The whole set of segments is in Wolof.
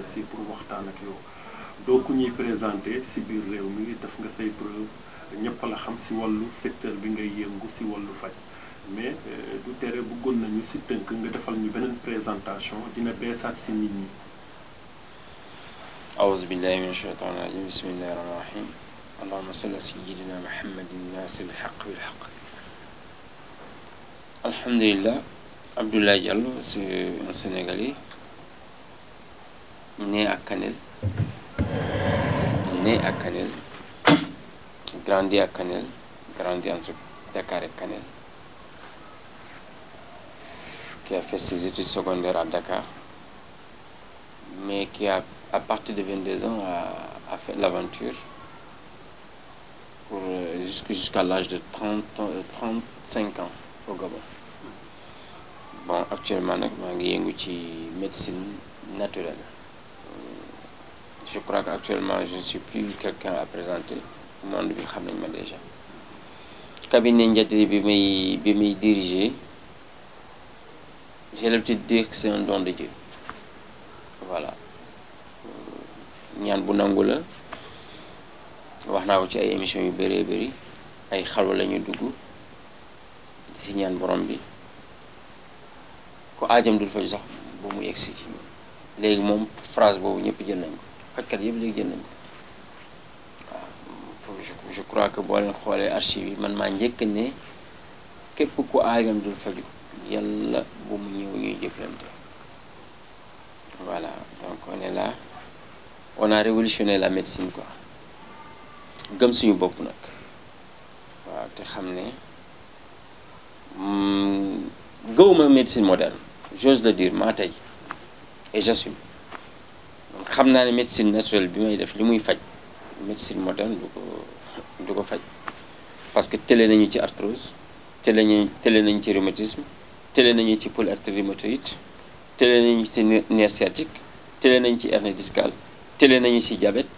seet si pour waxtaan ak yow doo ku ñuy présenté si biir réew mi def nga say preuve ñëpp la xam si wàllu secteur bi ngay yëngu si wàllu faj mais euh, du tere bëggoon nañu si tënk nga defal ñu beneen présentation dina beesaat si nit ñi أعوذ بالله من الشيطان الرجيم بسم الله الرحمن الرحيم اللهم صل على سيدنا si الناصر الحق بالحق الحمد لله Abdoulaye Diallo c'est un Sénégalais né à Canel, né à Canel, grandi à Canel, grandi entre Dakar et Canel, qui a fait ses études secondaires à Dakar, mais qui, a, à partir de 22 ans, a, a fait l'aventure euh, jusqu'à jusqu l'âge de 30, 35 euh, ans au Gabon. actuellement nag maa ngi yëngu ci médecine naturelle je crois qu'actuellement je ne suis plus quelqu'un à présenter monde bi xam nañ ma déjà cabinet njatiri bi may bi may diriger j'ai l'habitude de dire que c'est un voilà ñaan bu nangu la wax naa ko ci ay émissions yu bëree bëri ay xalwa lañuy dugg di ñaan borom bi ku aajam dul faj sax bu mu egg si ci léegi moom phrase boobu ñëpp jël nañ ko fajkat yëpp léegi génn nañ waaw je crois que boo leen xoolee archive yi man maa njëkk ne képp ku aajam dul faju yàlla bu mu ñëw ñuy jëflante voilà donc on la là a révolutionné la médecine quoi gëm suñu bopp nag waaw te xam ne hmm, gëwuma médecine moderne j'ose le dire maa tey et xam naa ne médecine naturelle bi may def li muy faj médecine moderne du ko du faj parce que télé nañu ci arthrose télé nañu télé nañu ci rhumatisme télé nañu ci polyarthrite rhumatoïde télé nañu ci nerf sciatique télé nañu ci hernie discale télé nañu ci diabète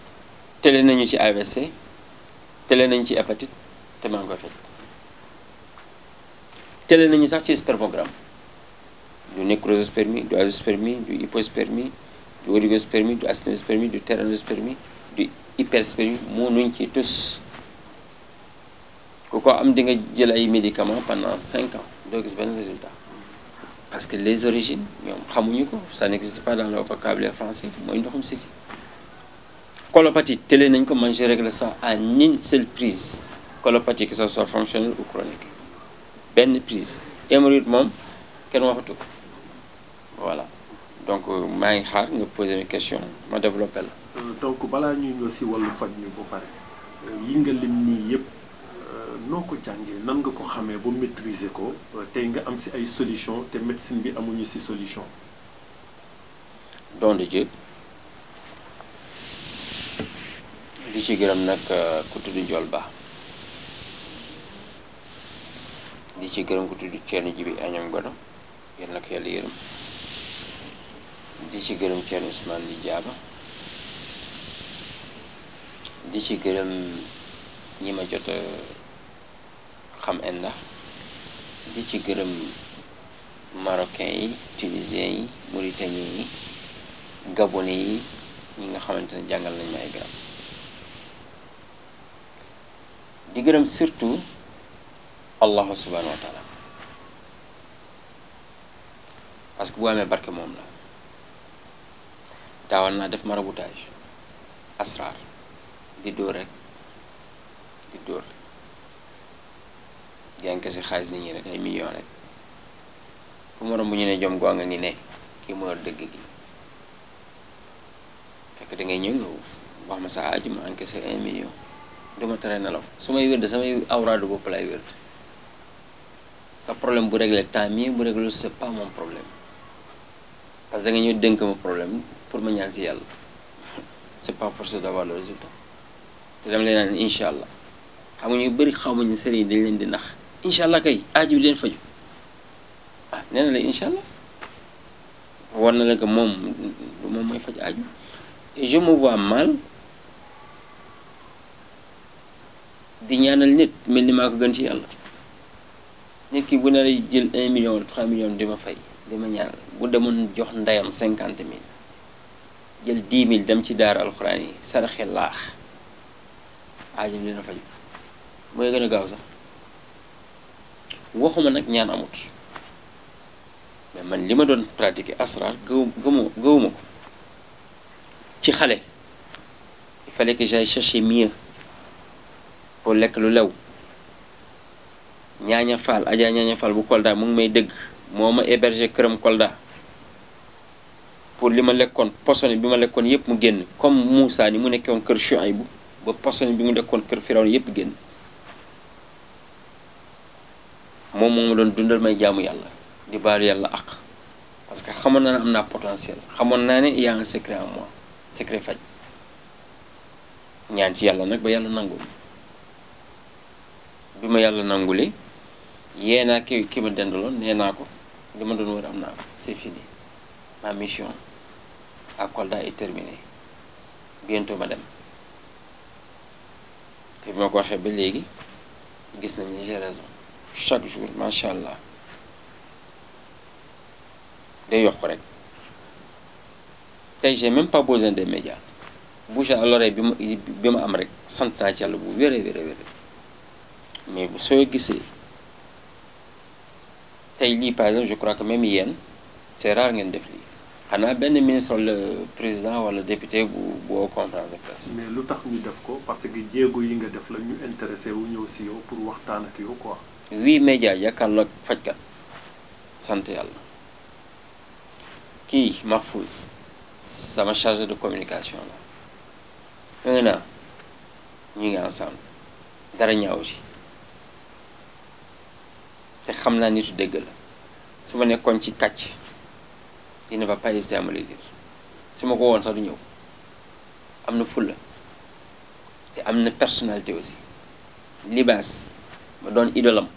télé nañu ci AVC télé nañu ci hépatite te maa ngi koy faj télé nañu sax ci spermogramme du nécrospermie du azoospermie du hypospermie du oligospermie du asténospermie du téranospermie du hyperspermie mënuñ ci tus ku ko am di nga jël ay médicament pendant cinq ans doo gis benn résultat parce que les origines ñoom xamuñu ko ça n'existe pas dans le vocabulaire français mooy ndoxum siti colopathie télé nañ ko man je règle ça à une seule prise colopathie que sa soit fonctionnelle ou chronique benn prise hémorroïde moom kenn waxatu ko voilà donc euh, maa ngi xaar nga poser question ma développé la. Euh, donc balaa ñuy ñëw si wàllu faj mi ba pare euh, yi nga lim nii yëpp noo ko jàngee nan nga ko xamee ba maîtriser ko tey nga am si ay solution te médecine bi amuñu si solution. don de di ci gërëm nag ku tudd Ndiol Ba di ci gërëm ku tudd kenn ji bi añam gono yéen nag yàlla yërëm. di ci gërëm Thierno Ousmane di jaaba di ci gërëm ñi ma jot a xam enda di ci gërëm marocain yi tunisien yi mauritanien yi gabonais yi ñi nga xamante ne jàngal nañ may ay di gërëm surtout allahu subhanahu wa taala que bu amee barke moom la daawal naa def maraboutage asraar di dóor rek di dóor yanke si xaalis nit ñi rek ay million rek fu moroom bu ñu ne jom gonga ngi ne kii moo dëgg gi fekk da ngay ñëw nga wax ma sa aaju ma encaissé un million duma tere nelaw su may wérde samay awraadu bopp lay wérde sa problème bu réglé temps mi bu réglé set pas moom problème parce da nga ñëw dénk ma problème pour ma ñaan si yàlla c'est pas forcé d'avoir le résultat te dama leen naan incha allah xamuñu bëri xamuñu ne sëriñ dañ leen di nax incha allah kay aaju leen faju ah nee na la incha allah war na la que moom mooy faj aaju et je me vois mal di ñaanal nit mel ni maa ko gën ci yàlla nit ki bu nar jël 1 million 3 million di ma fay di ma ñaanal. bu demoon jox ndeyam cinquante mille jël dix mille dem ci daar alxuraan yi saraxe laax aajam dina faju mooy gën a gaaw sax waxuma nag ñaan amut mais man li ma doon pratiquer asrar gëw gëwuma ko ci xale il fallait que j'aille chercher mieux pour lekk lu lew ñaaña faal ajaa ñaaña faal bu Kolda mu ngi may dëgg moo ma héberger këram Kolda pour li ma lekkoon posone bi ma lekkoon yëpp mu génn comme musaa ni mu nekkoon kër bu ba posone bi mu nekkoon kër Firawna yëpp génn moom moo ma doon dundal may jaamu yàlla di baalu yàlla ak parce que xamoon naa ne am naa potentiel xamoon naa ne y a un secret en secret faj ñaan ci yàlla nag ba yàlla nangul bi ma yàlla nangule yee naa ki ki ma dendaloon nee naa ko li ma doon war am naa ko c'est fini ma mission à Kolda est terminée ma dem te bi ma ko waxee ba léegi gis nañ ni j'ai chaque jour macha allah day ko rek tey j'ai même pas besoin des médias bouche à l'oreille bi bi ma am rek sant ci yàlla bu wéree wéree wéree mais bu soo gisee tey lii par je crois que même yéen c'est rare ngeen def lii. xanaa benn ministre wala président wala député bu boo conférence de presse. mais lu tax ñu def ko parce que jéego yi nga def la ñu intéressé wu ñëw si yow pour waxtaan ak yow quoi. wii média jàkkaarloo ak fajkat sant yàlla kii Mahfouz sama chargé de communication la un an ñu ngi ensemble dara ñaaw te xam naa nitu dëgg la su ma nekkoon ci kàcc. il ne va pas hésiter à su ma ko woon sax du ñëw am na fulla te am na personnalité aussi libaas ma doon idolam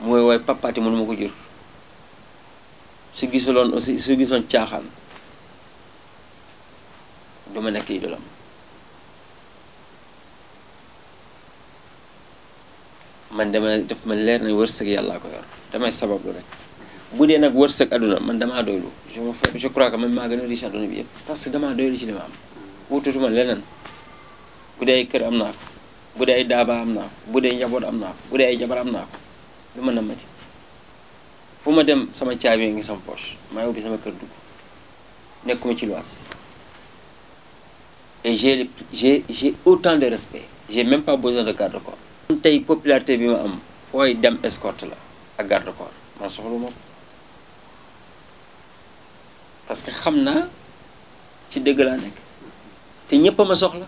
mooy woy papaati mënu ma ko jur su gisuloon aussi su gisoon caaxaan du ma nekk idolam man dama def ma leer na wërsëg yàllaa ko yor damay sabablu rek bu dee nag wërsëg àdduna man damaa doylu je je crois que man maa gën a riche àdduna bi yëpp parce que damaa doylu ci li ma am wutatuma leneen bu dee ay kër am naa ko bu dee ay daaba am naa ko bu dee njaboot am naa ko bu dee ay jabar am naa ko lu mën a mati fu ma dem sama caabi ngi sama poche maa ubbi sama kër dugg nekkuma ci loise et j'ai j'ai j'ai autant de respect j'ai même pas besoin de garde corps tey popularité bi ma am fooy dem escorte la ak garde parce que xam naa ci dëgg laa nekk te ñëpp a ma soxla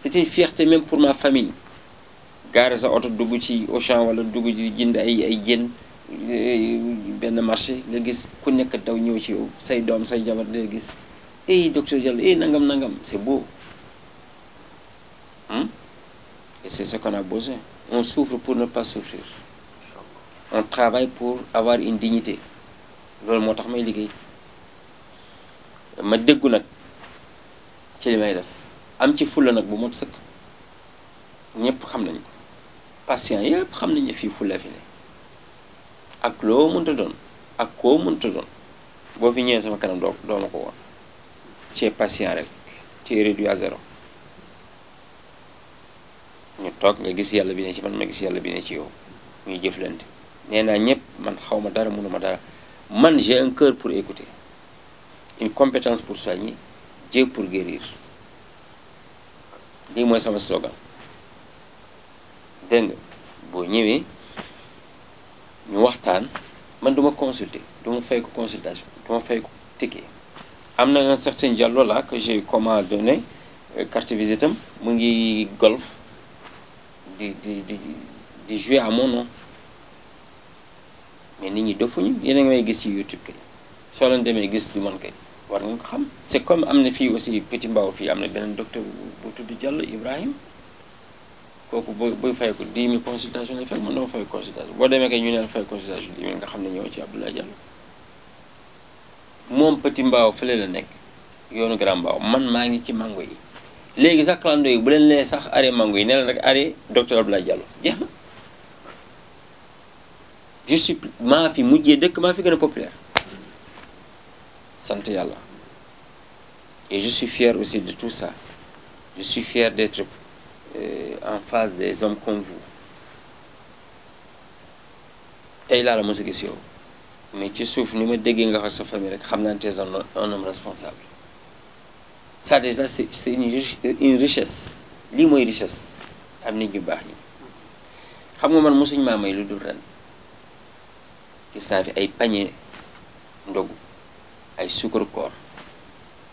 c'est une fierté même pour ma famille gaare sa oto dugg ci Auchan walla dugg ci jënd ay ay jën eh, benn marché nga gis ku nekk daw ñëw ci yow say doom say jabar day gis eh docteur Diallo eh nangam nangam c'est beau hum et c'est ce qu'on a besoin on souffre pour ne pas souffrir on travaille pour avoir une dignité loolu moo tax may liggéey ma déggu nag ci li may def am ci fulla nag bu mot sëkk ñëpp xam nañ ko patient yëpp xam nañu fii fulla fi ne ak loo mënta doon ak koo mënta doon boo fi ñëwee sama kanam doo doo ma ko woon ci patient rek ci réduit à zéro ñu toog nga gis yàlla bi ne ci man ma gis yàlla bi ne ci yow ñuy jëflante nee naa ñëpp man xaw ma dara mënuma dara man j'ai un cœur pour écouter une compétence pour soigner Dieu pour guérir lii mooy sama slogan dégg boo ñëwee ñu waxtaan man duma ma consulter du ma fay ko consultation du fay ko ticket am na un certain Diallo là que j'ai comment donné euh, carte visite mu ngi golf di di di di jouer à mon mais nit ñi defuñu yéen a ngi may gis ci YouTube kay soo leen demee gis du man kay war nga xam c' comme am na fii aussi Petit Mbao fii am na beneen docteur bu tudd Diallo Ibrahim kooku booy booy fay ko 10 000 consultation lay fekk mën na fay consultation boo demee kay ñu neen fay consultation 10 000 nga xam ne ñëw ci Abdoulaye Diallo moom Petit Mbao fële la nekk yoonu Grand Mbao man maa ngi ci mango yi léegi sax clando yi bu leen lee sax arrêt mango yi ne leen rek arrêt docteur Abdoulaye Diallo jeex je suis maa fi mujjee dëkk maa fi gën a populaire sant yàlla et je fier aussi de tout ça je suis fier d'être euh, en face des hommes comme vous tey laa la mos a gis yow mais ci suuf ni ma déggee nga wax sa famille rek xam naa ne t'es un homme responsable ça déjà c'est c'est une richesse lii mooy richesse am nit ñu baax ñi xam nga man mosuñ maa may lu dul ren gis naa fi ay pañe ndogu ay suukaru koor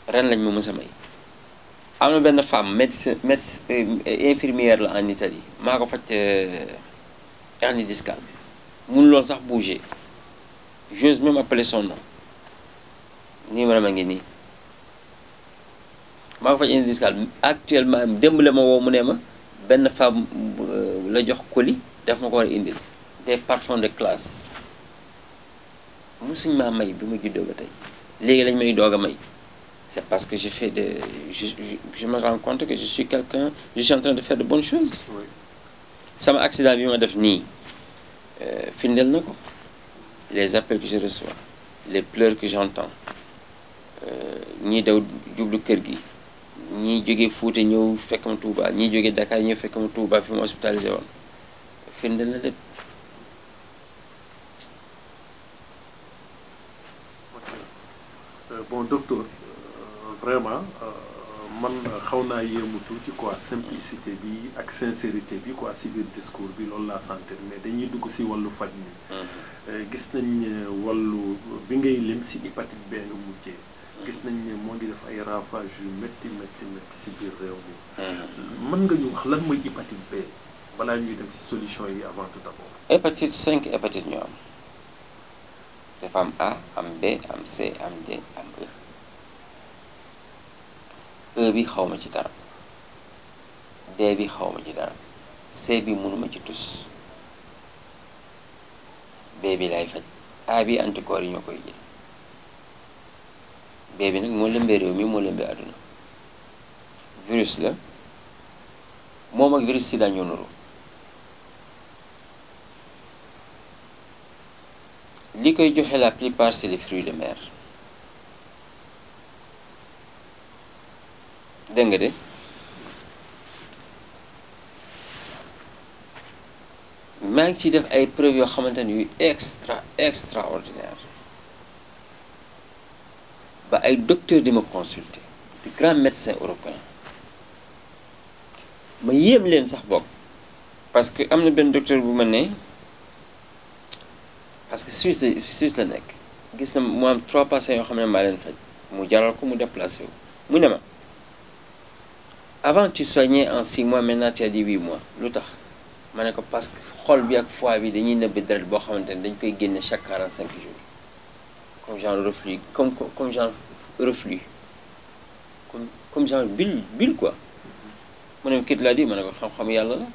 ren lañ ma mës may am na benn femme médecin euh, infirmière la en Italie maa ko faj euh, hernie discale mënu loolu sax bouger j'ose même appeler son nom numéro ma ngi nii maa ko faj hernie discale actuellement démb la ma woo mu ne ma benn femme euh, la jox koli daf ma ko war a indil des parfums de classe musuñ maa may bi ma juddoo ba tey léegi lañ may doog a may c'est parce que j'ai fait de je, je je me rends que je suis quelqu'un je suis en train de faire de bonnes choses sama accident bi ma def nii euh, findel na ko les appels que je reçois les pleurs que j'entends euh, ñii daw jublu kër gi ñii jógee Fuuta ñëw fekk ma Touba ñii jógee Dakar ñëw fekk ma Touba fi ma hospitalisé woon firndeel na lépp bon docteur euh, vraiment euh, man xaw naa yéemu ci quoi simplicité bi ak sincérité bi quoi si biir discours bi loolu laa sentir mais dañuy dugg si wàllu faj mi mm-hmm. euh, gis nañ ne wàllu bi ngay lim si hépatite B nga mujjee mm-hmm. gis nañ ne moo ngi def ay ravage yu métti métti métti si biir réew mi mm-hmm. mën nga ñu wax lan mooy hépatite B balaa ñuy dem si solution yi avant tout d'abord hépatite 5 hépatite ñoo am dafa am A am B am C am D am e. e bi xaw ma ci dara D bi xawma ci dara C bi mënuma ci tus B bi lay faj A bi anticorps yi ñoo koy jël B bi nag moo lëmbee réew mi moo lëmbee àdduna virus la moom ak virus sida ñoo nuru li koy joxe la plupart c'est les fruits de mer dégg nga de maa ngi ciy def ay preuve yoo xamante ne yu extra extraordinaire ba ay docteur di ma consulter di grands médecins européens ma yéem leen sax bokk parce que am na benn docteur bu ma ne parce que Suisse la Suisse la nekk gis na mu am trois patients yoo xam ne maa leen faj mu jaral ko mu déplacé wu mu ne ma avant tu soignais en six mois maintenant tu as dit huit mois lu tax ma ne ko parce que xol bi ak fois bi dañuy nëbb deret boo xamante ne dañ koy génne chaque 45 jours comme genre reflux comme comme genre reflux comme comme genre quoi mu kit laa di ma ne ko xam-xam yàlla la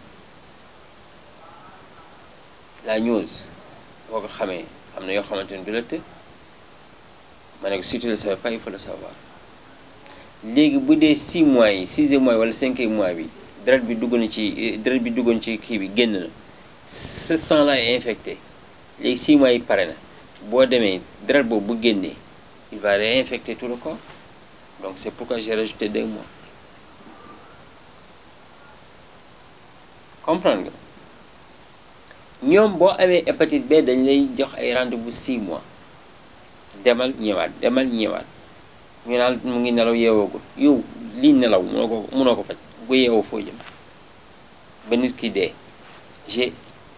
la ñose boo ko xamee am na yoo xamante ni du la të ma ne ko si tu le il faut le savoir léegi bu dee 6 mois yi 6e mois yi wala 5e mois bi deret bi dugg ci deret bi duggoon ci kii bi génn na ce sang là infecté léegi 6 mois yi pare na boo demee deret boobu bu génnee il va réinfecter tout le corps donc c'est pourquoi j'ai rajouté 2 mois comprendre nga. ñoom boo amee hépatite B dañ lay jox ay rendez-vous 6 mois demal ñëwaat demal ñëwaat ñu naan mu ngi nelaw yeewoogul yow lii nelaw munoo ko munoo ko faj bu yeewoo foo jëm ba nit ki dee j'ai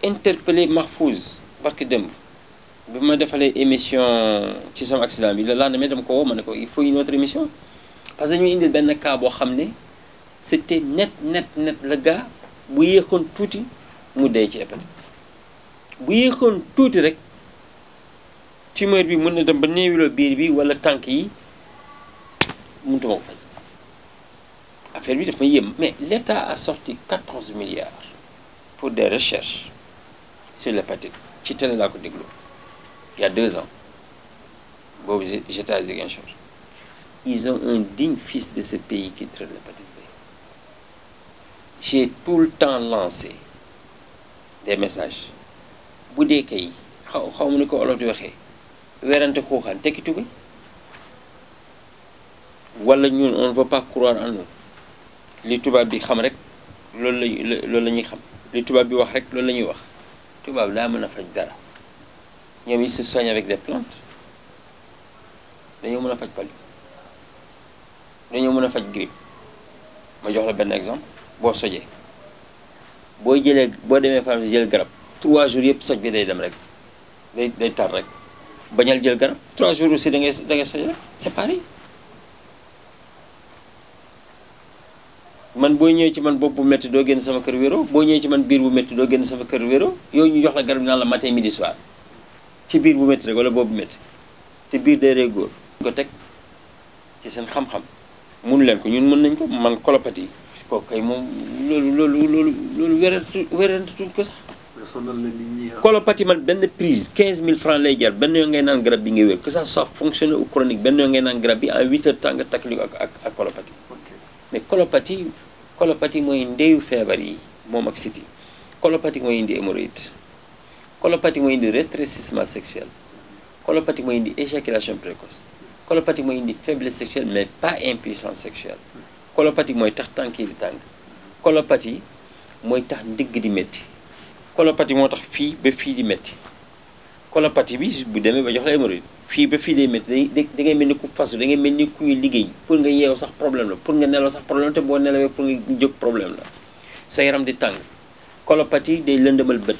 interpellé Mahfouz barki démb bi ma defalee émission ci sama accident bi le lendemain dem ko woo ma ne ko il faut une autre émission parce que ñu indil benn kaa boo xam ne c'était net net net le gars bu yéexoon tuuti mu dee ci hépatite bu yéexoon tuuti rek tumeur bi mën na dem ba néewiloo biir bi wala tànk yi mënutuma ko faj affaire bi dafa yi mais l'État a sorti 14 milliards pour des recherches sur l'hépatite ci télé laa ko déglu il y deux ans boobu j'étais Ziguinchor ils ont un digne fils de ce pays qui traite l'hépatite B j'ai tout le temps lancé des messages bu dee kay xaw xaw mu ni ko olof di waxee werante xuuxaan tekki tubé wala ñun on ne veut pas croire li tubaab bi xam rek loolu la la ñuy xam li tubaab bi wax rek loolu la ñuy wax tubaab daa mën a faj dara ñoom ils se soignent avec des plantes dañoo mën a faj palu dañoo mën a faj grippe ma jox la benn exemple boo sojee boo jëlee boo demee pharmacie jël garab trois jours yëpp soj bi day dem rek day day tar rek bañal jël garab trois jours aussi da ngay da ngay soj rek c'est pareil man boo ñëwee ci man bopp bu metti doo génn sama kër wéro boo ñëwee ci man bu métti doo sama kër wéro yooyu ñu jox la garab naan la matin midi soir ci biir bu metti rek wala boobu metti te biir day rey góor ko teg ci seen xam-xam mun leen ko ñun mën nañ ko man kolopati kooku kay moom loolu loolu loolu loolu werantatuñ ko sax sonal na nit ñi ah. colopathie man benn prise 15000 francs lay jar benn yoo ngay naan garab bi ngay wér que ça soit fonctionnel ou chronique benn yoo ngay naan garab bi en 8 heures temps nga ak ak ak colopathie mais colopathie colopathie mooy ndeyu feebar yi moom ak siti colopathie mooy indi hémorroïde colopathie mooy indi rétrécissement sexuel colopathie mooy indi éjaculation précoce colopathie mooy indi faiblesse sexuelle mais pas impuissance sexuelle colopathie mooy tax tànk yi di tàng colopathie mooy tax ndigg di métti colopathie moo tax fii ba fii di métti colopathie bi bu demee ba jox la hémorroïde fii ba fii day métti da da ngay mel ni ku fasu da ngay mel ni ku ñu liggéey pour nga yeew sax problème la pour nga nelaw sax problème te boo nelawee pour problème la sa yaram di tàng colopathie day lëndëmal bët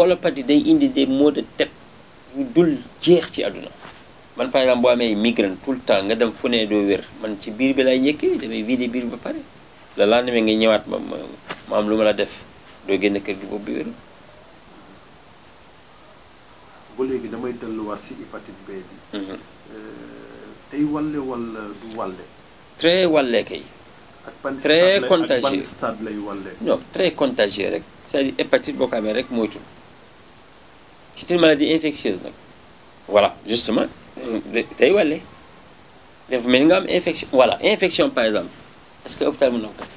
colopathie day indi des moo de tête yu dul jeex ci àdduna man par exemple boo amee migraine tout le temps nga dem fu ne doo wér man ci biir bi lay njëkkee damay vidé biir ba pare laa lendemain nga ñëwaat ma ma am lu ma la def doo génn kër gi boobu ba léegi damay delluwaat si hépatite B bi. Mhm. Euh, tey wàlle walla du wàlle. très wàlle kay. très contagieux ak lay wàlle. non très contagieux rek c'est-à-dire boo ko amee rek moytul c'est une maladie infectieuse nag voilà justement euh, tey wàlle dafa nga am infection voilà infection par exemple est que hôpital mën na ko def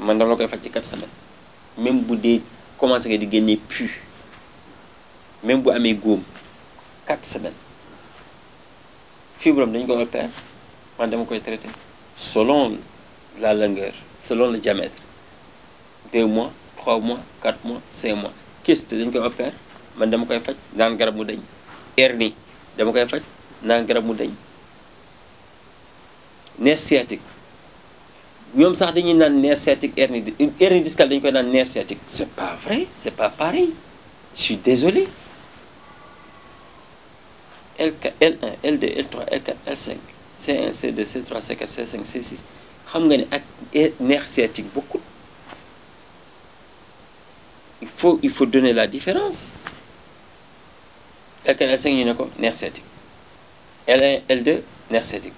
man dama la koy faj ci 4 semaines même bu dee commencé nga di génnee pu. même bu amee góom quatre semaine fibrome dañ ko opérer man dama koy traité solon la longueur selon la diamètre deux mois trois mois quatre mois cinq mois kyste dañ koy opérer man dama koy faj naan garab mu deñ hernie dama koy faj naan garab mu deñ nerf sciatique ñoom sax dañuy naan nerf sciatique hernie hernie discale dañu koy naan nerf sciatique c'est pas vrai c'est pas pareil je suis désolé L4 L1 L2 L3 L4 L5 C1 C2 C3 C4 xam nga ne ak nerf sciatique bokkul il faut il faut donner la différence L4 L5 ñu ne ko neex sciatique L1 L2 nerf sciatique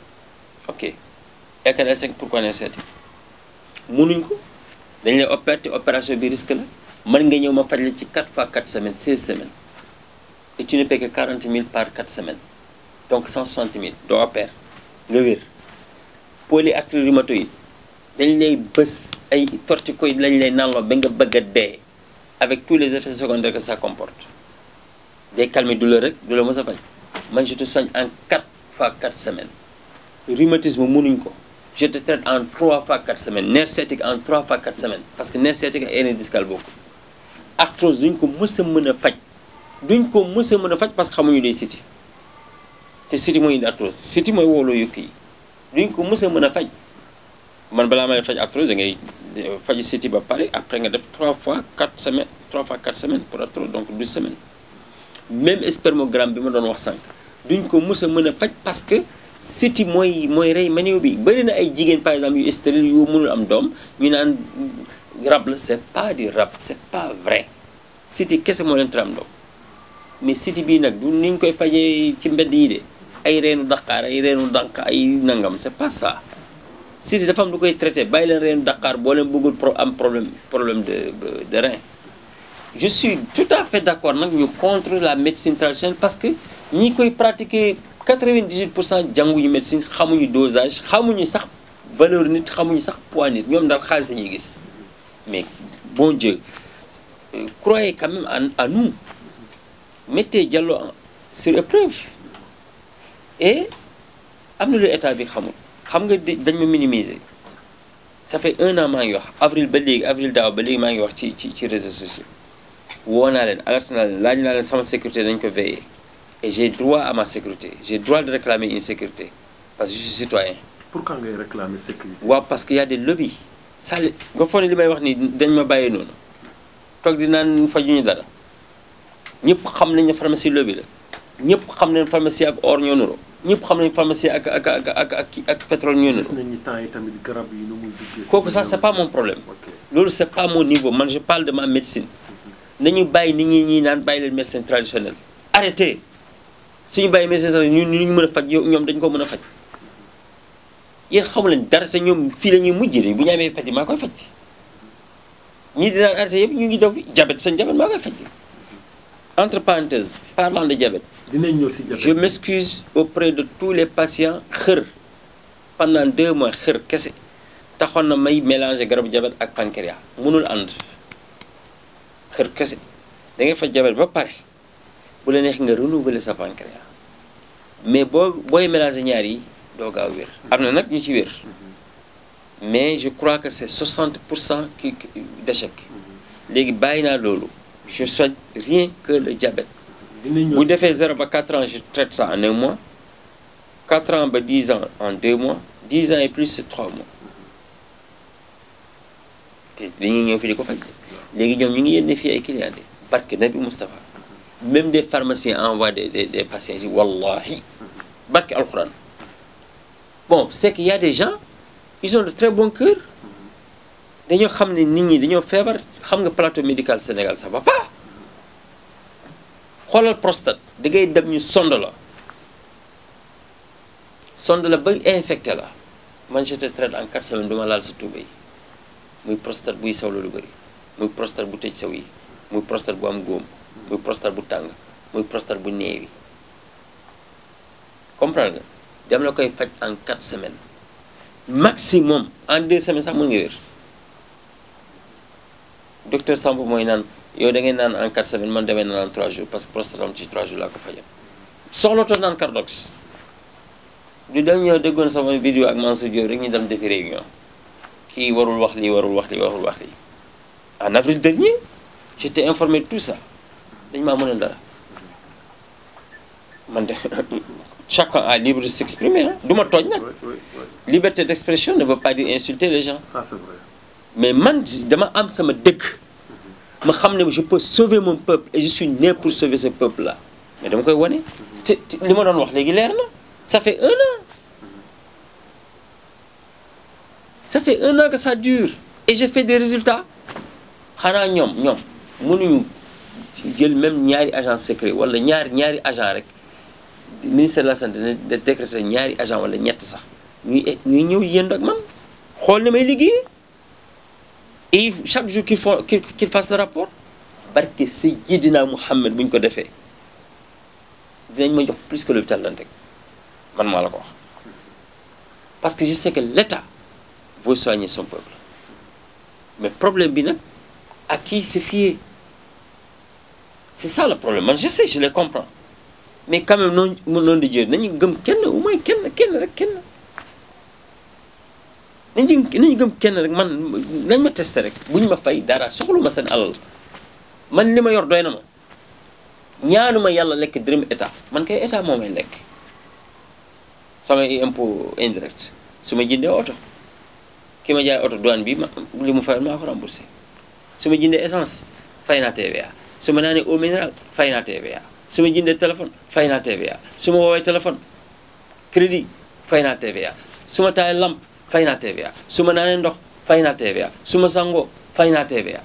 ok L4 L5 pourquoi nerf sciatique mënuñ ko dañ lay opérer opération bi risque la mën nga ñëw ma faj la ci 4 fois 4 semaines 16 semaines et tu ne paies que 40 000 par 4 semaines donc 160 000 doo opère nga wér polyarthrite rhumatoïde dañ lay bës ay corticoïdes lañ lay nanloo ba nga bëgg a dee avec tous les effets secondaires que ça comporte day calmer douleur rek douleur mos a faj man je te soigne en 4 fois 4 semaines rhumatisme mënuñ ko je te traite en 3 fois 4 semaines nerf sciatique en 3 fois 4 semaines parce que nerf sciatique ak hernie discale bokk duñ ko mës mën a faj parce que xamuñu day siti te siti mooy siti mooy wooloo yëkk yi duñ ko mës mën a faj man balaa may faj arthrose da ngay eh, faj siti ba pare après nga def 3 fois 4 semaines 3 fois 4 semaines pour arthrose donc 12 bi ma doon wax sànq duñ ko mës a mën a faj parce que siti mooy mooy rey maniou bi bëri na ay jigéen par exemple yu stérile yu mënul am doom ñu naan rab la c'est pas du rab c'est pas vrai siti kese moo leen tram doom mais siti bii nag du ni ñu koy fajee ci mbedd yi de ay reenu daqaar ay reenu dànq ay nangam c'est pas ça siti dafa am lu koy traité bàyyi leen reenu daqaar boo leen bëggul pro am problème problème de de rein je suis tout à fait d'accord nag ñu contre la médecine traditionnelle parce que ñi koy pratiquer 98 pour cent jànguñu médecine xamuñu dosage xamuñu sax valeur nit xamuñu sax poids nit ñoom daal xaalis la ñuy gis mais bon Dieu euh, croyez quand même en à mettez Diallo sur épreuve et am na lu état bi xamul xam nga dañ ma minimiser ça fait un an maa ngi wax avril ba léegi avril daaw ba léegi maa ngi wax ci ci ci réseaux sociaux woo naa leen alerte naa leen laaj naa leen sama sécurité dañ ko veiller et j'ai droit à ma sécurité j'ai droit de réclamer une sécurité parce que je suis citoyen. pourquoi parce que y a des lobbies. saa nga foog li may wax nii dañ ma bàyyi noonu toog di naan ñu dara. ñëpp xam nañ ne pharmacie lobby la ñëpp xam nañ pharmacie ak or ñoo nuroo ñëpp xam nañ pharmacie ak ak ak ak ak ak pétrole ñoo nuroo. nañ ni temps yi tamit garab yi nu muy duggee. kooku ça c' est pas mon problème. loolu c' est pas mon niveau man je parle de ma médecine. Mhm. nañu bàyyi ni ñi ñuy naan bàyyi leen médecine traditionnelle. arrêté suñu bàyyi médecine traditionnelle ñun ñu mën a faj ñoom dañ ko mën a faj yéen xamu leen dara te ñoom fii la ñuy mujjee bu ñu amee pàcc maa koy faj ñii di naan arrêté yëpp ñu ngi daw jabet seen jabet maa koy faj. entre parenthèses parlant de diabète je m'excuse auprès de tous les patients xër pendant deux mois xër kese taxoon na may mélanger garabu diabète ak pancréas mënul ànd xër kese danga fa faj ba pare bu la neex nga renouveler sa pancréas mais boo booy mélanger ñaar yi doo gaaw wér am na nag ñu ci wér mais je crois que c'est 60 pour cent qui d'échec mm-hmm. léegi bàyyi naa loolu je soigne rien que le diabète. bu defee 0 ba 4 ans je traite ça en un mois 4 ans ba 10 ans en 2 mois 10 ans et plus c'est 3 mois te dañuy ñëw fi di ko faj léegi ñoom ñu ngi yéene fii ay clients de barke Nabi Moustapha même des pharmaciens envoient des des des patients yi wallahi barke alxuraan bon c'est que y des gens ils ont de très bon cœurs dañoo xam ne nit ñi dañoo feebar xam nga plateau médical Sénégal ça va pas xoolal prostate da dem ñu sonde la sonde la ba infecté la man je te traite en 4 semaines du laal sa tuuba muy prostate buy sawla lu bëri muy prostate bu tëj saw yi muy prostate bu am góom muy prostate bu tàng muy prostate bu néewi comprendre nga dem na koy faj en 4 semaines maximum en 2 semaines sax mën nga wér docteur Samb mooy naan yow da ngay naan en 4 semaines man damay naan en 3 jours parce que prostatam ci 3 jours laa ko faje soxlatoo naan cardox du dem déggoon sama vidéo ak Mansour Diop rek ñu dem defi réunion kii warul wax lii warul wax lii warul wax lii en avril dernier te informé de tout ça dañu maa mën a dara man de chacun a libre de s'exprimer du ma tooñ nag liberté d'expression ne veut pas dire insulter les mais man dama am sama dëkk ma xam ne je peux sauver mon peuple et je suis né pour sauver ce peuple là mais dama koy wane te li ma doon wax léegi leer na ça fait un an ça fait un an que ça dure et j'ai fait des résultats xanaa ñoom ñoom mënuñu jël même ñaari agent secret wala ñaari ñaari agent rek ministère la santé de décréter ñaari agent wala ñett sax ñuy ñuy ñëw yéen ak may liggéey chaque jour qu'il faut qu'il fasse le rapport barke Seydina Mouhamed bu ñu ko defee dinañ ma jox plus que l'hôpital Dantec man maa la ko wax parce que je sais que l'État veut soigner son peuple mais problème bi nag à qui se fier c'est ça le problème man je sais je les comprends mais quand même noonu noonu di na ñu gëm kenn au moins kenn kenn rek kenn nañ ci nañu gëm kenn rek man nañ ma testé rek bu ñu ma fay dara soxlu ma seen alal man li ma yor doy na ma ñaanu ma yàlla lekk dërëm état man kay état moo may lekk samay impôt indirect su ma jëndee oto ki ma jaay oto douane bi ma li mu fay maa ko remboursé su ma jëndee essence fay naa TVA su ma naanee eau minérale fay naa TVA su ma jëndee téléphone fay naa TVA su ma woowee téléphone crédit fay fay naa TVA su ma naanee ndox fay naa TVA su ma sangoo fay naa TVA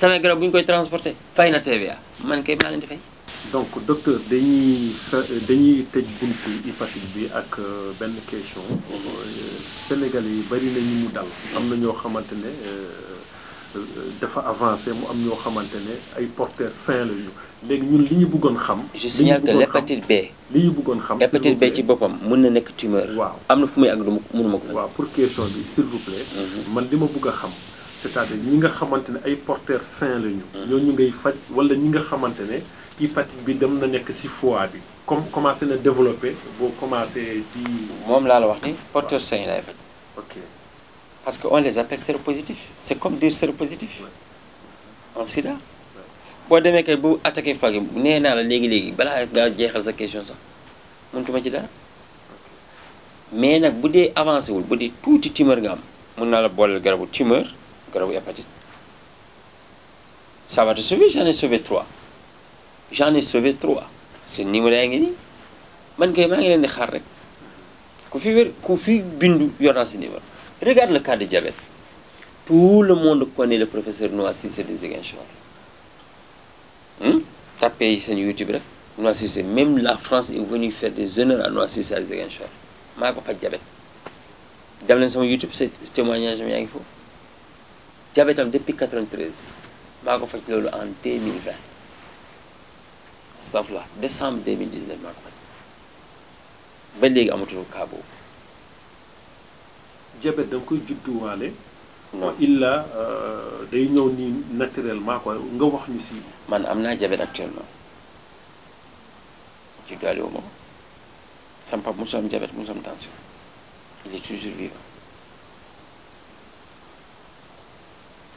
samay garab bu ñu koy transporté fay na TVA man kay maa leen di fay. donc docteur dañuy dañuy tëj buntu hépatique bi ak euh, benn question euh, Sénégal yi bari na ñu mu dal am na ñoo xamante ne. Euh, dafa avancé mu am ñoo xamante ne ay porteurs sains la ñu léegi ñun li ñu buggoon xam. je signale que l'hépatite B. li ñu bëggoon xam hépatite bee ci boppam mën na nekk tumeur. waaw am na fu muy ak lu mënuma ko. waaw pour question bi s'il vous mhm. man li ma bëgg a xam. c'est-à-dire ñi nga xamante ne ay porteurs sains la ñu. Mhm. ñooñu ngay faj wala ñi nga xamante ne hépatite bi dem na nekk ci foie bi. comme commencé na développé boo commencé di. moom laa la wax ni porteur sain ok. Parce que qu'on les appelle séropositifs. C'est comme dire séropositif en sida. boo demee kay bu attaqué fag yi nee naa la léegi-léegi balaa ngaa jeexal sa question sax mënutuma ci dara mais nag bu dee avancé wul bu dee tuuti tumeur nga am mun naa la booleel garabu tumeur garabu hépatite ça va te sauver j'en ai sauvé trois j'en ai trois seen numéro yaa ngi nii man kay maa ngi leen di xaar rek ku fi wér ku fi bindu yor naa sa Regarde le cas de Tout le monde connaît le professeur Noa Cissé de Ziguinchor. Hmm? Tapez sur YouTube, Noa Cissé. Même la France est venue faire des honneurs à Noa Cissé à Ziguinchor. maa ngi ko faj diabète. dem leen sama YouTube c'est témoignage am yaa ngi foofu. diabète am maa ko faj loolu en 2020. astafurlah décembre 2019 maa ko faj ba léegi amatul cas jabet da nga koy judduwaale. non illa euh, day ñëw nii naturellement quoi nga wax ñu si. man am naa jabet actuellement judduwaale wu ma ko sama papa musul am jabet musul am tension il est toujours vivant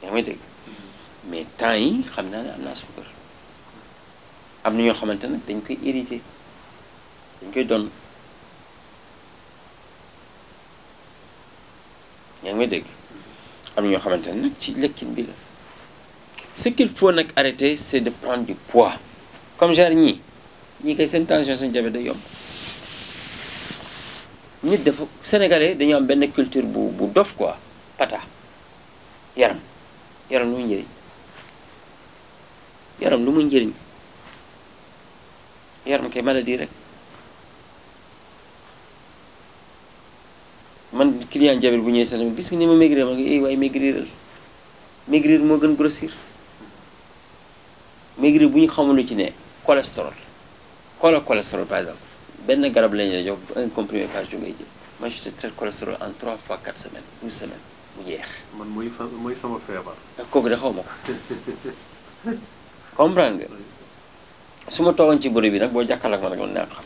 yaa may dégg mm-hmm. mais temps yi xam naa ne am naa suukar am na ñoo xamante ne dañ koy hérité dañ koy doon. yaa ngi may dégg am na ñoo xamante ne nag ci lekkin bi la ce qu'il faut nag arrêter c'est de prendre du poids comme genre ñi ñii kay seen tension seen diabète day yomb nit dafa sénégalais dañu am benn culture bu bu dof quoi pata yaram yaram lu muy njëriñ yaram lu muy njëriñ yaram kay maladie rek man client jabir bu ñëwee sax gis nga ni ma maigrir ma ne eh waaye maigriral moo gën grossir maigrir bu ñu xamul lu ci ne cholestérol xoolal cholestérol par exemple benn garab lañu la jox un comprimé par jour ngay jël man je te traite en 3 fois 4 semaines ou semaine mu jeex. man mooy fa mooy sama feebar. Ah, kooku de xaw ma ko comprendre su ma toogoon ci bëri bi nag boo jàkkaarloo ak man rek mën naa xam.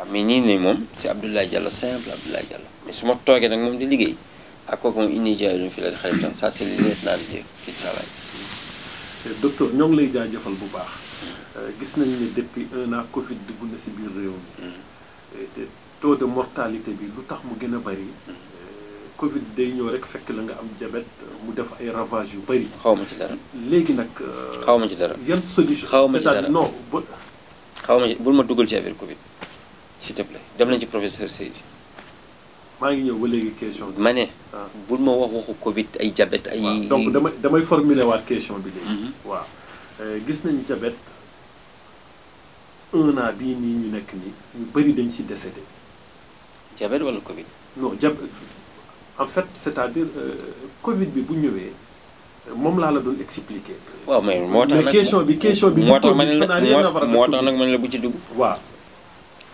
am mais ñii ne moom si Abdoulaye Diallo simple Abdoulaye Diallo mais su ma toogee nag moom di liggéey ak kooku moom indi jaay duñu fi la xarit tam ça c'est lieutenant de di travail docteur ñoo ngi lay jaajëfal bu baax euh, gis nañ ni depuis un an Covid dugg na si biir réew mi mm-hmm. te taux de mortalité bi lu tax mu gën a bëri mm-hmm. euh, Covid day ñëw rek fekk la nga am jabet mu def ay ravage yu bëri. xaw ma ci dara léegi nag. Euh, xaw ma ci dara yan solution. xaw ma ci dara non xaw ma ci bul ma dugal ci affaire Covid. s'il te plaît dem nañ ci professeur Seydi. maa ngi ñëw ba léegi question bi. ma ne. Ah. bul ma wax waxu Covid ay diabète ay. donc damay damay formuler waat question bi léegi. Mhm. waaw euh, gis nañu diabète un an bii nii ñu nekk nii ñu bëri dañ si décédé. diabète wala Covid. non diab en fait c'est-à-dire euh, Covid bi bu ñëwee. moom laa la doon expliquer. waaw mais moo tax nag mais question bi question bi. moo tax ma ne la moo tax nag ma ne la bu ci dugg. waaw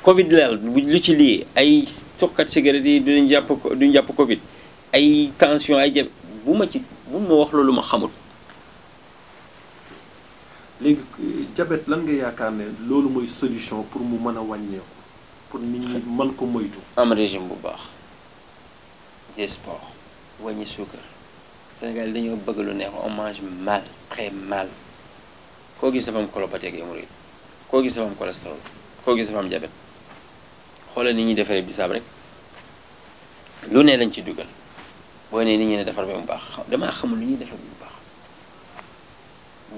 Covid lal lu ci lii ay tuxkat cigarette yi duñu jàpp duñu jàpp Covid ay tension ay jab bu ma ci bu ma wax loolu ma xamul. léegi jabet lan nga yaakaar ne loolu mooy solution pour mu mën a wàññeeku pour nit ñi mën ko moytu. am régime bu baax des sports wàññi suukar Sénégal dañoo bëgg lu neex on mange mal très mal koo gis dafa am colopathie ak hémorroïde koo gis dafa am cholestérol koo gis dafa am jabet. xoolal ni ñuy defaree bisaab rek lu ne lañ ci dugal boo nee ni ñu defar ba mu baax damaa xamul lu ñuy defar ba mu baax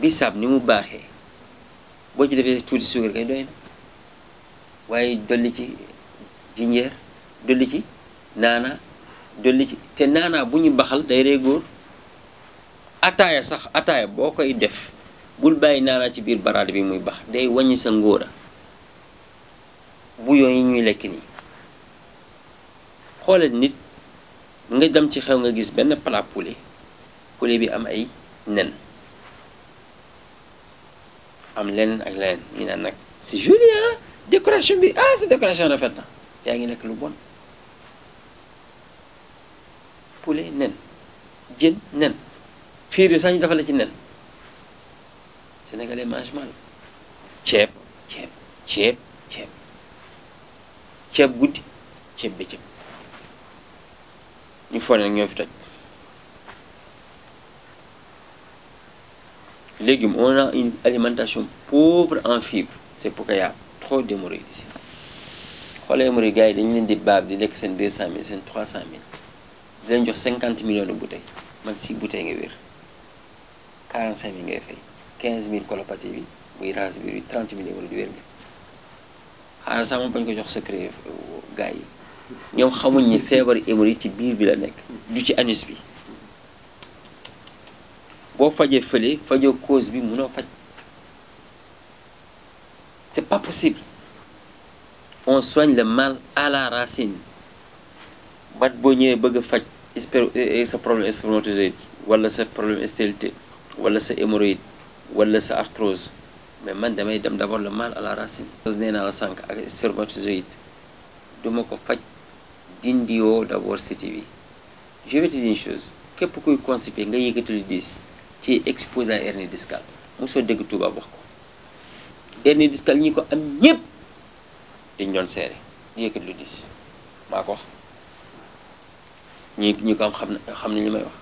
bisaab ni mu baaxee boo ci defee tuuti suukar kay doy na waaye dolli ci jinjeer dolli ci naana dolli ci te naanaa bu ñu baxal day rey góor ataaya sax ataaya boo koy def bul bàyyi naana ci biir baraade bi muy bax day wàññi sa ngóora bouillon yi ñuy lekk nii xoolal nit nga dem ci xew nga gis benn plat poulet poulet bi am ay nen am len ak len ñu naan nag si joli ah décoration bi ah sa décoration rafet na yaa ngi lekk lu bon poulet nen jën nen fiir yi sax ñu dafa ci nen sénégalais mange mal ceeb ceeb ceeb ceeb guddi ceeb bi bëccëg ñu foone nag ñoo fi toj léegi on a une alimentation pauvre en fibres c'est pourquoi y a trop d'hémorroïdes ici xoolee hémorroïdes gars yi dañu leen di baab di lekk seen 200000 seen 300000 di leen jox 50 millions de bouteilles man si bouteille nga wér 45000 ngay fay 15000 colopathie bi muy raas biir bi 30000 hémorroïdes wér nga xaaral sax ma bañ ko jox secret gars yi ñoom xamuñ ni feebar hémorroïde ci biir bi la nekk du ci anus bi boo fajee fële fajoo cause bi mënoo faj c'est pas possible on soigne le mal à la racine mat boo ñëwee bëgg a faj eh, sa problème spermatozoïde wala sa problème stérilité wala sa hémorroïde wala sa arthrose mais man damay dem d'abord le mal à la racine. parce que nee naa la sànq ak spermatozoïde duma ko faj dindiwoo d'abord cité bi je vais te dire képp kuy constipé nga yëkkati lu diis ci exposé à hernie discale mosoo dégg tubaab wax ko hernie discale ñi ko am ñépp dañ doon seere ñu yëkkati lu diis maa ko wax ñi ñi ko am xam na xam nañ li may wax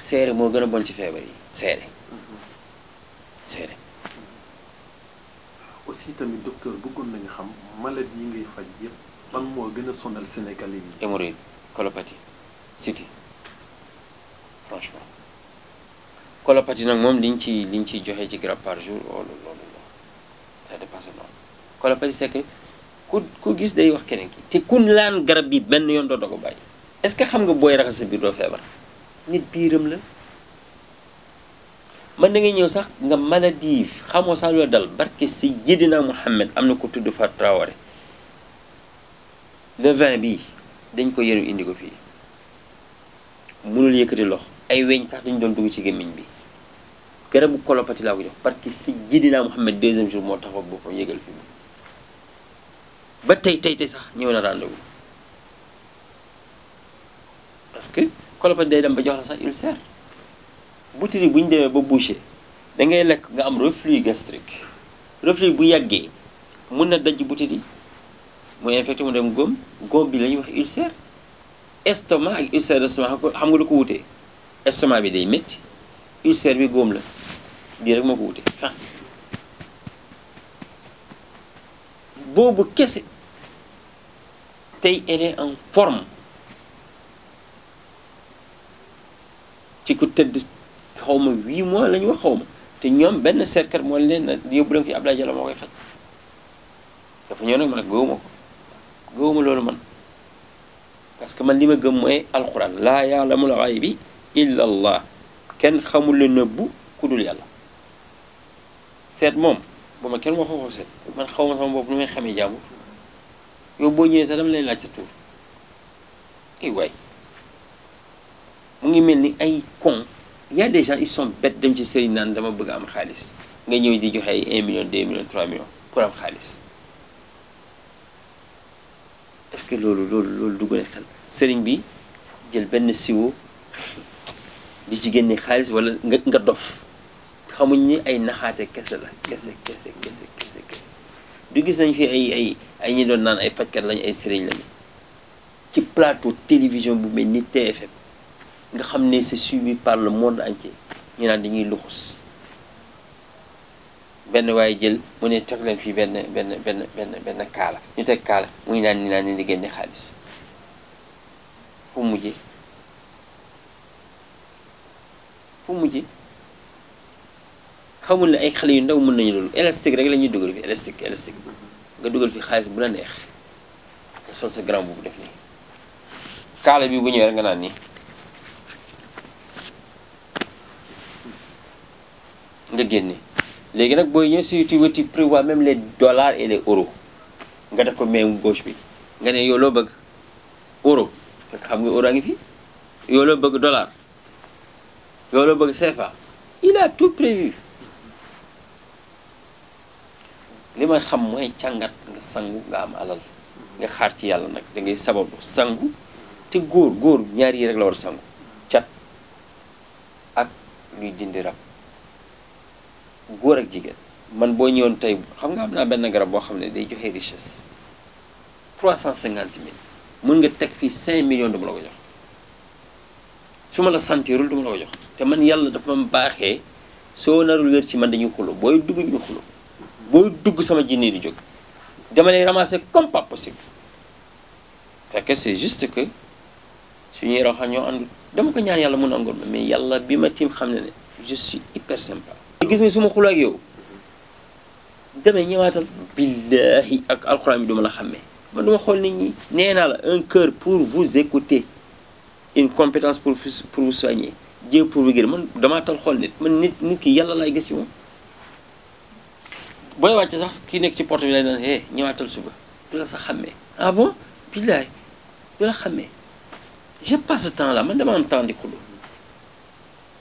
seere moo gën a bon ci feebar yi seere seere aussi tamit docteur bëggoon nañu xam maladie yi ngay faj yëpp ban moo gën a sonal Sénégalais yi. hémorroïde colopathie city franchement colopathie nag moom liñ ci liñ ciy joxe ci garab par jour oh, loolu loolu la ça dépasse norme colopathie c'est que ku ku gis day wax keneen ki te kun laan garab bi benn yoon doo dogo bàyyi est-ce que xam nga booy raxas sa biir doo feebar nit biiram la. man na ngay ñëw sax nga a Maldives xamoo sax loolu dal barke Seydina Mohamed am na ko tudd Fatou Traoré le bi dañ ko yëru indi ko fii mënul yëkkati lox ay weñ sax dañu doon dugg ci gémmiñ bi garabu kolopati laa ko jox barke Seydina Mohamed deuxième jour moo taxaw boppam yëgal fi ba tey tey tey sax ñëw na rendez-vous parce que kolopati day dem ba jox la sax ulcère butéel bu ñu demee ba bouché da ngay lekk nga am reflux gastrique reflux bu yàggee mun na daj butéel yi mooy infecté mu dem góom góom bi lañuy wax ulcère estomac ak ulcère d'estomac xam nga da ko wutee estomac bi day métti ulcère bi góom la lii rek moo ko wutee boobu kese tey elle en forme ci ku tëdd xaw ma 8 mois la wax xaw ma te ñoom benn seetkat moo leen yóbbu leen ko ci Abdoulaye Diallo moo koy faj dafa ñëw nag man gëwuma ko gëwuma loolu man parce que man li ma gëm mu mooy alquran laa yaalamul ghaybi illa allah kenn xamul la nëbbu ku dul yàlla seet moom bu ma kenn waxoo ko seet man xaw ma sama bopp nu may xamee jàmbur yow boo ñëwee sax dama lay laaj sa tur ay waay mu ngi mel ni ay kon y a des gens ils sont bêtes dem ci sëriñ naan dama bëgg am xaalis nga ñëw di joxe ay 1 million 2 million 3 million pour am xaalis est-ce que loolu loolu loolu dugg na xel sëriñ bi jël benn siwo di ci génne xaalis wala nga nga dof xamuñ ni ay naxaate kese la kese kese kese kese kese du gis nañ fi ay ay ay doon naan ay fajkat lañ ay sëriñ lañu ci plateau télévision bu mel ni TFM nga xam ni c'est suivi par le monde entier ñu naan dañuy luxus benn waaye jël mu ne teg leen fii benn benn benn benn benn kaala ñu teg kaala muy naan ni naan ni di génne xaalis fu mujje fu mujje xamul ne ay yu ndaw mën nañu loolu élastique rek la ñuy dugal fi élastique élastique nga dugal fi xaalis bu la neex sol sa grand boobu def nii kaala bi bu ñëwee nga naan nii nga génne léegi nag booy ñëw si tu veux tu prévois même les dollars et nga def ko main gauche bi nga ne yow loo bëgg euro fekk xam nga euro a ngi fi yow loo bëgg dollar yow loo bëgg CFA il a tout prévu li may xam mooy càngat nga sangu nga am alal nga xaar ci yàlla nag da ngay sababu sangu te góor góor ñaar yi rek la war a sangu cat ak luy dindi rab góor ak jigéen man boo ñëwoon tey xam nga am naa benn garab boo xam ne day joxe richesse 350 mille mën nga teg fii 5 millions du la ko jox su ma la sentirul du ma la ko jox te man yàlla dafa ma baaxee soo narul wér ci man dañu xulo booy dugg ñu xulo dugg sama jinne di jog dama lay ramasser comme pas possible fekk c'est juste que suñuy raw xam ñoo àndul dama ko ñaan yàlla mu nangoon ma mais yàlla bi ma tiim xam ne ne je suis gis nga suma xuloo ak yow demee ñëwaatal billaahi ak alxuraan bi duma la xàmmee man duma xool nit ñi nee naa la un cœur pour vous écouter une compétence pour pour vous soigner Dieu pour vous guérir man damaa tal xool nit man nit nit ki yàlla laay gis ci moom booy wàcc sax kii nekk ci porte bi lay na eh ñëwaatal suba du la sax xàmmee ah bon billaahi du la xàmmee j'ai pas ce temps là man dama am temps di xuloo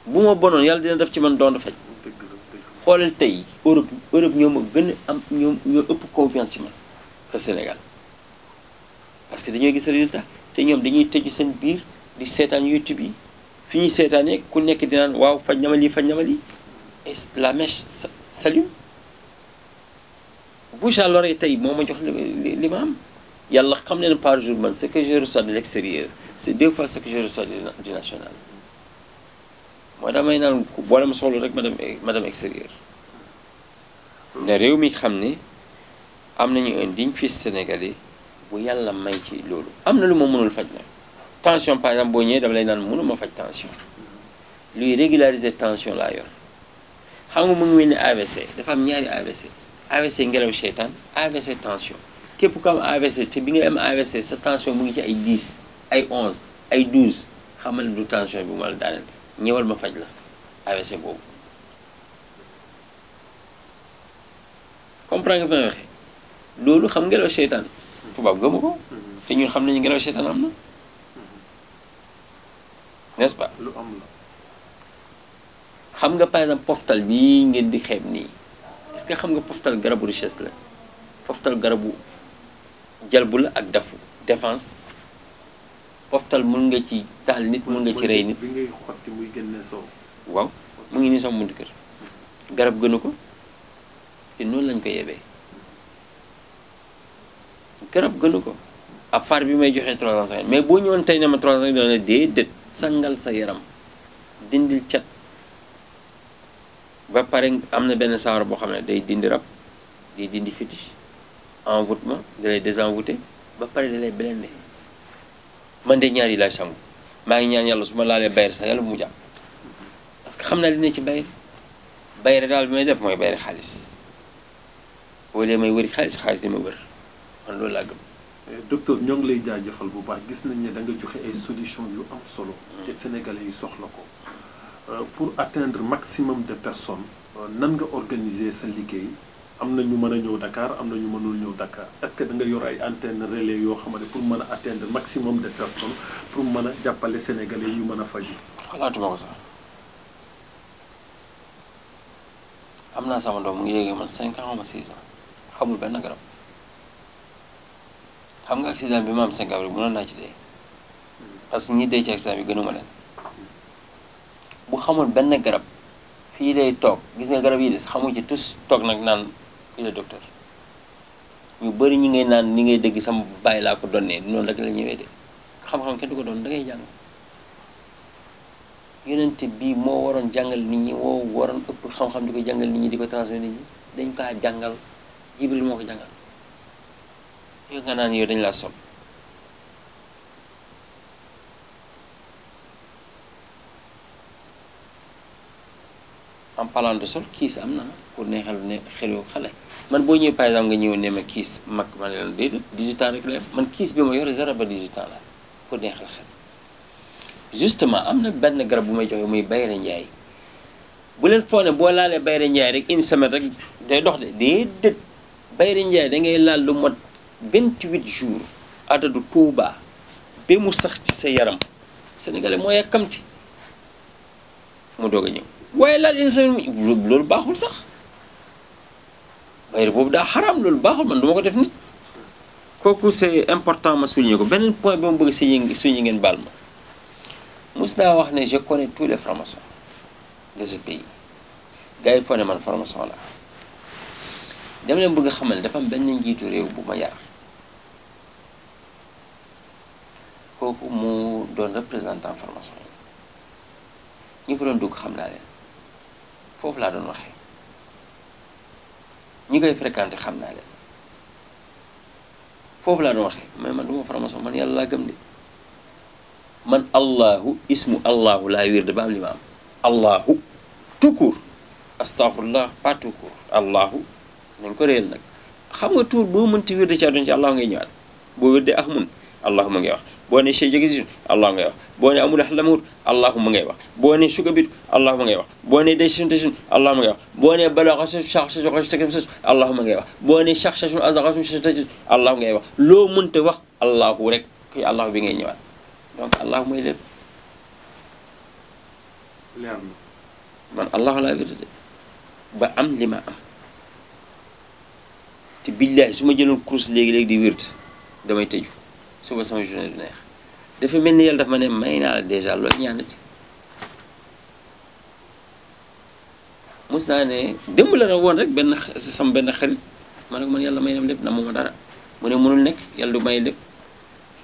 bu ma bonoon yàlla dina def ci man doon faj xoolal tey Europe Europe ñoo ma gën am ñoo ñoo ëpp confiance ci man que Sénégal parce que dañoo gis résultat te ñoom dañuy tëj seen biir di seetaan YouTube yi fi ñuy seetaanee ku nekk dinaan waaw faj na ma lii faj na ma la mèche s'allume bouche à l'oreille tey moo ma jox li li ma am yàlla xam ne par jour man ce que je reçois de l'extérieur c'est deux fois ce que je reçois du national mooy damay naan boo dem soxla rek ma dem ma dem extérieur ne réew mi xam ne am nañu un digne fils sénégalais bu yàlla may ci loolu am na lu ma mënul faj nag tension par exemple boo ñëwee dama lay naan mënuma faj tension luy régulariser tension laa yor xam nga mu ngi mel ni AVC dafa am ñaari AVC AVC ngelaw seytaan AVC tension képp ku am AVC te bi nga am AVC sa tension mu ngi ci ay 10 ay 11 ay 12 xamal du tension bi mu la daaneel ñëwal ma faj la AVC boobu comprendre nga fi may waxee loolu xam ngelaw seytaan tubaab gëmu ko mm-hmm. te ñun xam nañu ngelaw seytaan am na mm-hmm. n'est-ce lu am xam nga par exemple poftal bii ngeen di xeeb nii parce que xam nga poftal garabu richesse la poftal garabu jalbu la ak dafu défense xoftal mun nga ci taal nit mun nga ci rey nit. bi ngay xotti muy génne soow. waaw mu ngi nii sax buntu kër. garab gënu ko te noonu lañ ko yebee garab gënu ko à part bi may joxee 350 mais boo ñëwoon tey ne ma 350 doon na déedéet sangal sa yaram dindil cat ba pare am na benn saawar boo xam ne day dindi rab day dindi fétiche envoûtement da lay désenvoûter ba pare da lay blender man de ñaar yi laay sangu maa ngi ñaan yàlla su ma laalee bayre sax yàlla bu mu jàpp parce que xam naa li ne ci bayre bayre daal bi may def mooy bayre xaalis boo dee may wëri xaalis xaalis di ma wër man loolu laa gëm. Eh, docteur ñoo ngi lay jëfal bu baax gis nañ ne da joxe ay solution yu am solo. te sénégalais yi soxla ko. Euh, pour atteindre maximum de personnes euh, nan nga organiser sa liggéey. am na ñu mën a ñëw dakaar am na ñu mënul ñëw Dakar est-ce que da nga yor ay antenne relais yoo xam ne pour mën a atteindre maximum de personnes pour mën a jàppale sénégalais yu mën a faju xalaatuma ko sax am naa sama doom mu ngi yéegee ma six xamul benn garab xam nga accident bi ma am cinq avril mënoon naa ci dee parce que ñi dee ci accident bi gënuma leen bu xamul benn garab fii lay toog gis nga garab yi des xamu ci tus toog nag naan il est docteur ñu bëri ñi ngay naan ni ngay dégg sama bàyyi laa ko donnee noonu rek la ñëwee de xam-xam kenn du ko doon da ngay jàng bii moo waroon jàngal nit ñi moo waroon ëpp xam-xam ko jàngal nit ñi di ko transmettre nit dañ kaa jàngal jibril moo ko jàngal nga naan yow dañ laa sol en parlant de sol kiis am na pour ne xel ne xelu xale man boo ñëwee par exemple nga ñëw ne ma kiis mag ma ne la déedéet 18 ans rek la man kiis bi ma yor 0 ba 18 ans la pour neexal xel justement am na benn garab bu may joxe muy bayre njaay bu leen foog ne boo laalee bayre njaay rek une semaine rek day dox de déedéet bayre njaay da ngay laal lu mot 28 jours du tuuba ba mu sax ci sa yaram sénégalais moo yàkkamti mu doog a ñëw waaye laal une semaine loolu baaxul sax. waaye boobu daa xaraam loolu baaxul man du ma ko def nit kooku c'est important ma souligner ko beneen point ba mu bëgg si suñu ngeen baal ma mos naa wax ne je connais tous les francs-maçons de ce pays gars yi foo ne man franc-maçon la dama leen bëgg xamal ne dafa am benn njiitu réew bu ma yar kooku mu doon représentant franc-maçon yi ñu fa doon dugg xam naa leen foofu laa doon waxee ñi koy fréquenté xam naa leen foofu laa doon waxee mais man du ma franc-maçon man yàlla laa gëm de man allahu ismu allahu laa wér de ba am li ma am allahu tout court astaghfirullah pas tout court allahu nañ ko réel nag xam nga tuur boo mënti wér de ci àdduna ci allahu ngay ñëwaat boo wér de ah mun allahu ma ngay wax boo ne shay jagasitu allah ngay wax boo ne amul lamut allahuma ngay wax boo ne sukabitu allahuma ngay wax boo ne day sun tasun allahuma ngay wax boo ne balaxa sa sax sasu xas takam sas allahuma ngay wax boo ne sax sasun asaxasum sa tasun allahu ngay wax loo mënta wax allahu rek kuy allahu bi ngay ñëwaat donc allahu mooy lépp man allahu laa wérdate ba am li ma am te billahi su ma jëloon course léegi-léegi di wérd damay tëju suba sama journée du neex dafa mel ni yàlla daf ma ne may naa la dèjà loolu ñaan na ci mos naa ne démb la na woon rek benn sama benn xarit ma ne man yàlla may nam lépp na mooma dara mu mënul nekk yàlla du may lépp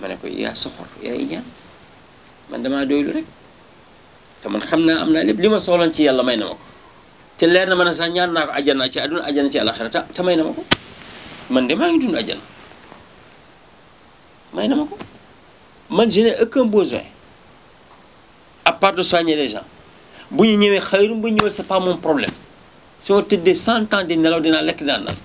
ma ne ko yaa soxor yaay ñaan man xam naa am naa lépp li ma soxloon ci yàlla may na ma te leer na ma ne sax ñaan naa ko ajjana ci àdduna ajjana ci àlaxira te may na man de maa ngi dund ajjana may na ma ko man je n'ai aucun besoin à de soigner les gens bu ñu ñëwee xayrum bu ñu ñëwee c'est mon problème su ma tëddee cent ans di nelaw dinaa lekk dinaa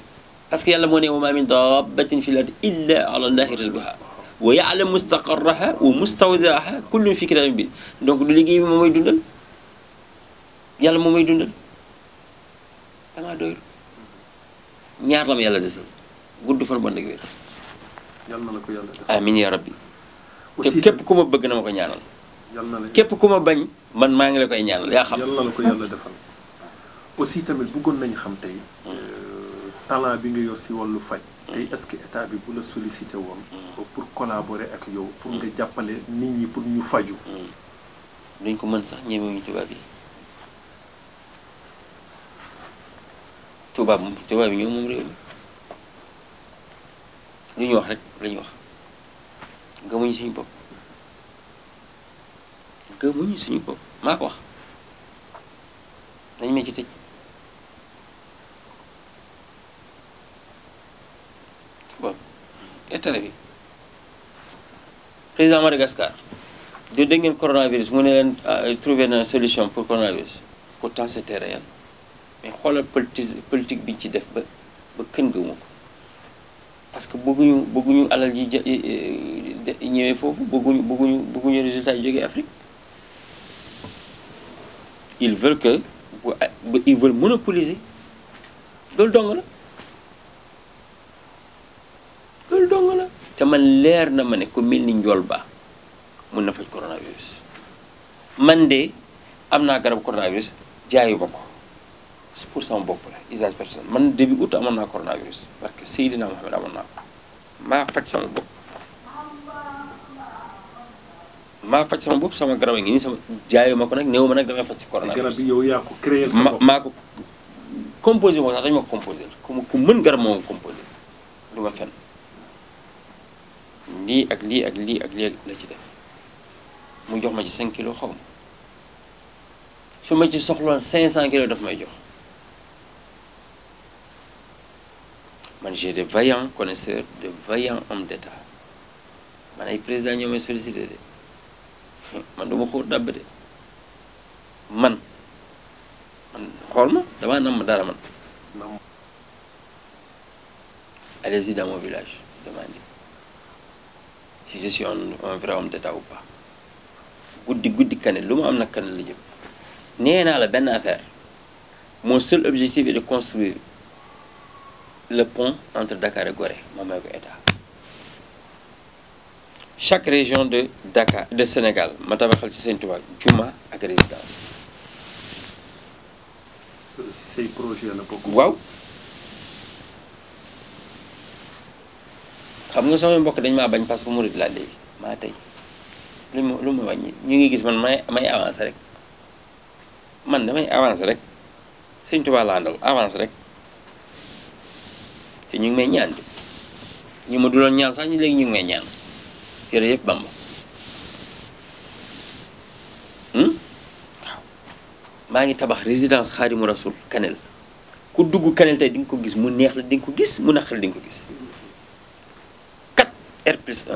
parce que yàlla moo ne wa maa min dabbatin fil ardi illa ala llahi rizquha wa ya'lamu mustaqarraha wa mustawdaaha kullun fi kitaabin bi donc du liggéey bi moo may dundal yàlla moo yal na la ko yàlla def amiin yaa rabbi. aussi te képp ku ma bëgg na ma ko ñaanal. yal na la képp ku ma bañ man maa ngi la koy ñaanal yaa xam. yal la ko yàlla defal aussi tamit bëggoon nañu xam tey mm. euh, talent bi nga yor si wàllu faj. tey est-ce que état bi bu la sollicité woon. Mm. pour collaborer ak yow. pour mm. nga jàppale nit ñi pour ñu faju. duñ ko mën sax ñemewuñu tubaab yi. tubaab tubaab yi ñoom moom réew mi. lu ñu wax rek la wax gëmuñu suñu bopp suñu bopp maa ko wax dañ ma ci tëj bopp état bi président Madagascar du dégg ngeen coronavirus mu ne leen ah, trouver na solution pour coronavirus pourtant c'était réel mais xoolal politique politique bi ci def ba ba kën gëmu ko parce que bëgguñu bëgguñu alal ji eh, eh, ñëwee foofu bëgguñu bëgguñu bëgguñu résultat yi jógee Afrique ils veulent que bu ils veulent monopoliser loolu dong la loolu dong la te man leer na ma ne ku mel ni njool ba mun na faj coronavirus man de am naa garabu coronavirus jaayu ma ko c'est pour sama bopp la usage personnel man début août amoon naa coronavirus parce que Seydina Mohamed amoon naa ko maa faj sama bopp maa faj sama bopp sama garab yi ngi nii sama jaayu ma ko nag néew ma nag damay faj si coronavirus garab bi yow yaa ko créé sa bopp maa ko composé moo tax dañu ma ko composé comme ku mën garab moo ma composé du ma fenn lii ak lii ak lii ak lii la ci def mu jox ma ci 5 kilos xaw ma su ma ci soxloon 500 kilos daf may jox man j'ai des vaillants connaisseurs de vaillants hommes d'état man ay président ñoo may sollicité de man duma ko dàbb de man man xool ma damaa nam ma dara man allez-y dans mon village demandez si je suis vrai homme d'état ou pas guddi guddi kane lu ma am nag kane la jëm nee la benn affaire mon seul objectif est de construire le pont entre Dakar et Gorée ma may ko état chaque région de Dakar de Sénégal ma tabaxal ci Sëñ Tuubaa juma ak résidence. say projet la waaw xam nga sama mbokk dañ maa bañ parce que murid laa léegi maa tey lu ma lu ma wàññi ñu ngi gis man may may avancé rek man damay avancé rek Sëñ Tuubaa àndal avancé rek. te ñu ngi may ñaan ñu ma duloon ñaan sax ñu léegi ñu ngi may ñaan jërëjëf Bamba hmm? waaw maa ngi tabax résidence Xaadimu Rasul Kanel ku dugg Kanel tey di nga ko gis mu neex la di nga ko gis mu naqari di nga ko gis kat R plus 1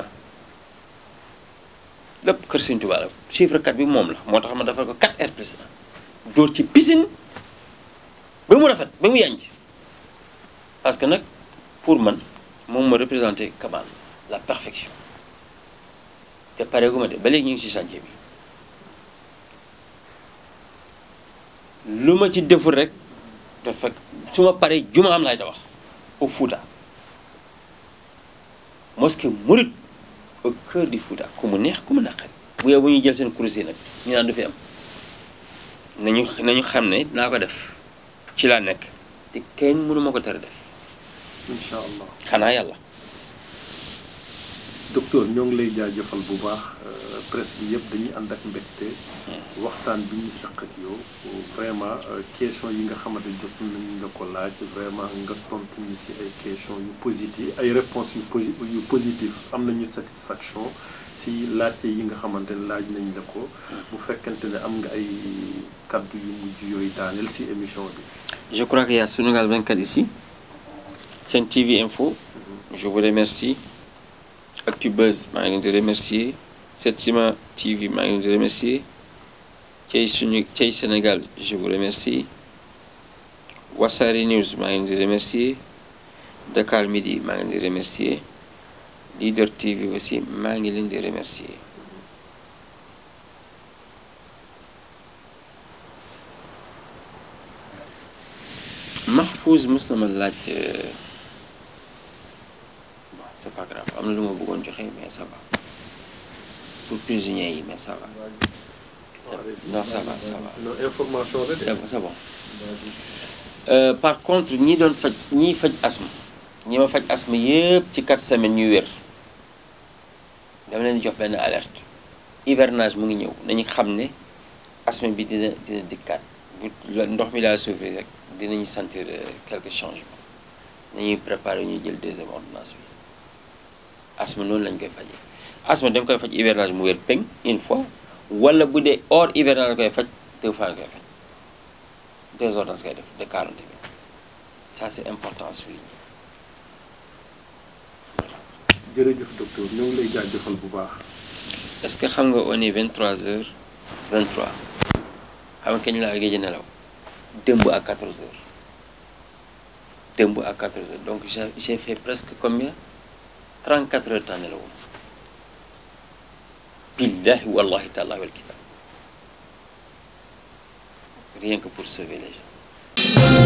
lépp kër Sëñ Tuubaa la chiffre 4 bi moom la moo tax ma defar ko 4 R plus 1 dóor ci pisin ba mu rafet ba mu yànj parce que nag pour man moom ma représenté Kamal la perfection te pare gu ma de ba léegi ñu ngi ci chantier bi lu ma ci deful rek te fekk su ma paree juma am laay tabax au Fouta mosquée Mouride au kër du Fouta ku mu neex ku mu naqari bu yow bu ñuy jël seen kurus nag ñu naan du fi am nañu nañu xam ne naa ko def ci laa nekk te kenn mënuma ko tere def incha allah xanaa yàlla. docteur ñoo ngi lay jaajëfal bu baax euh, presse bi yëpp dañuy ànd ak mbégte. Hmm. waxtaan bi ñu saq ak yow vraiment euh, question yi nga xamante ne jot nañu nga ko laaj vraiment nga tontu ñu si ay question yu positif ay réponses yu posi yu positif am nañu satisfaction si laajte yi nga xamante ne laaj nañ la ko. Hmm. bu fekkente ne am nga ay kaddu yu mujj yooyu daaneel si émission bi. je crois qu'il y a Sunugal 24 ici. Sen TV Info maa ngi leen di remercier Setsima TV maa ngi leen di remercier Cey suñu Cey Sénégal je vous remercie Wassare News maa ngi leen di remercier Dakar Midi maa ngi leen di remercier Leader TV aussi maa ngi leen di remercier Mahfouz mos na laaj euh, c'est pas am na lu ma bëggoon joxe mais ça va pour prisonniers yi mais ça va non ça euh, par contre ñi doon faj ñiy faj asma ñi ma faj asma yëpp ci 4 semaines ñu wér dama leen jox benn alerte hivernage mu ngi ñëw nañu xam ne asma bi dina dina dikkaat ndox mi daal souffrir rek dinañu sentir euh, quelque changement nañuy préparer ñuy jël deuxième ordonnance bi asma noonu lañ koy fajee asma dañ koy faj hivernage mu wér peñ une fois wala bu dee or hivernage koy faj deux fois koy faj deux ordonnances koy def de 40 minutes ça c'est important souligner jërëjëf docteur ñoo ngi lay jaajëfal bu baax. est-ce que xam nga on est 23 heures 23 xam nga kañ laa gëj a nelaw démb à 14 heures démb ak 14 heures donc j'ai j'ai fait presque combien. 34 heures temps nelawuma billahi wallahi tallahi wal pour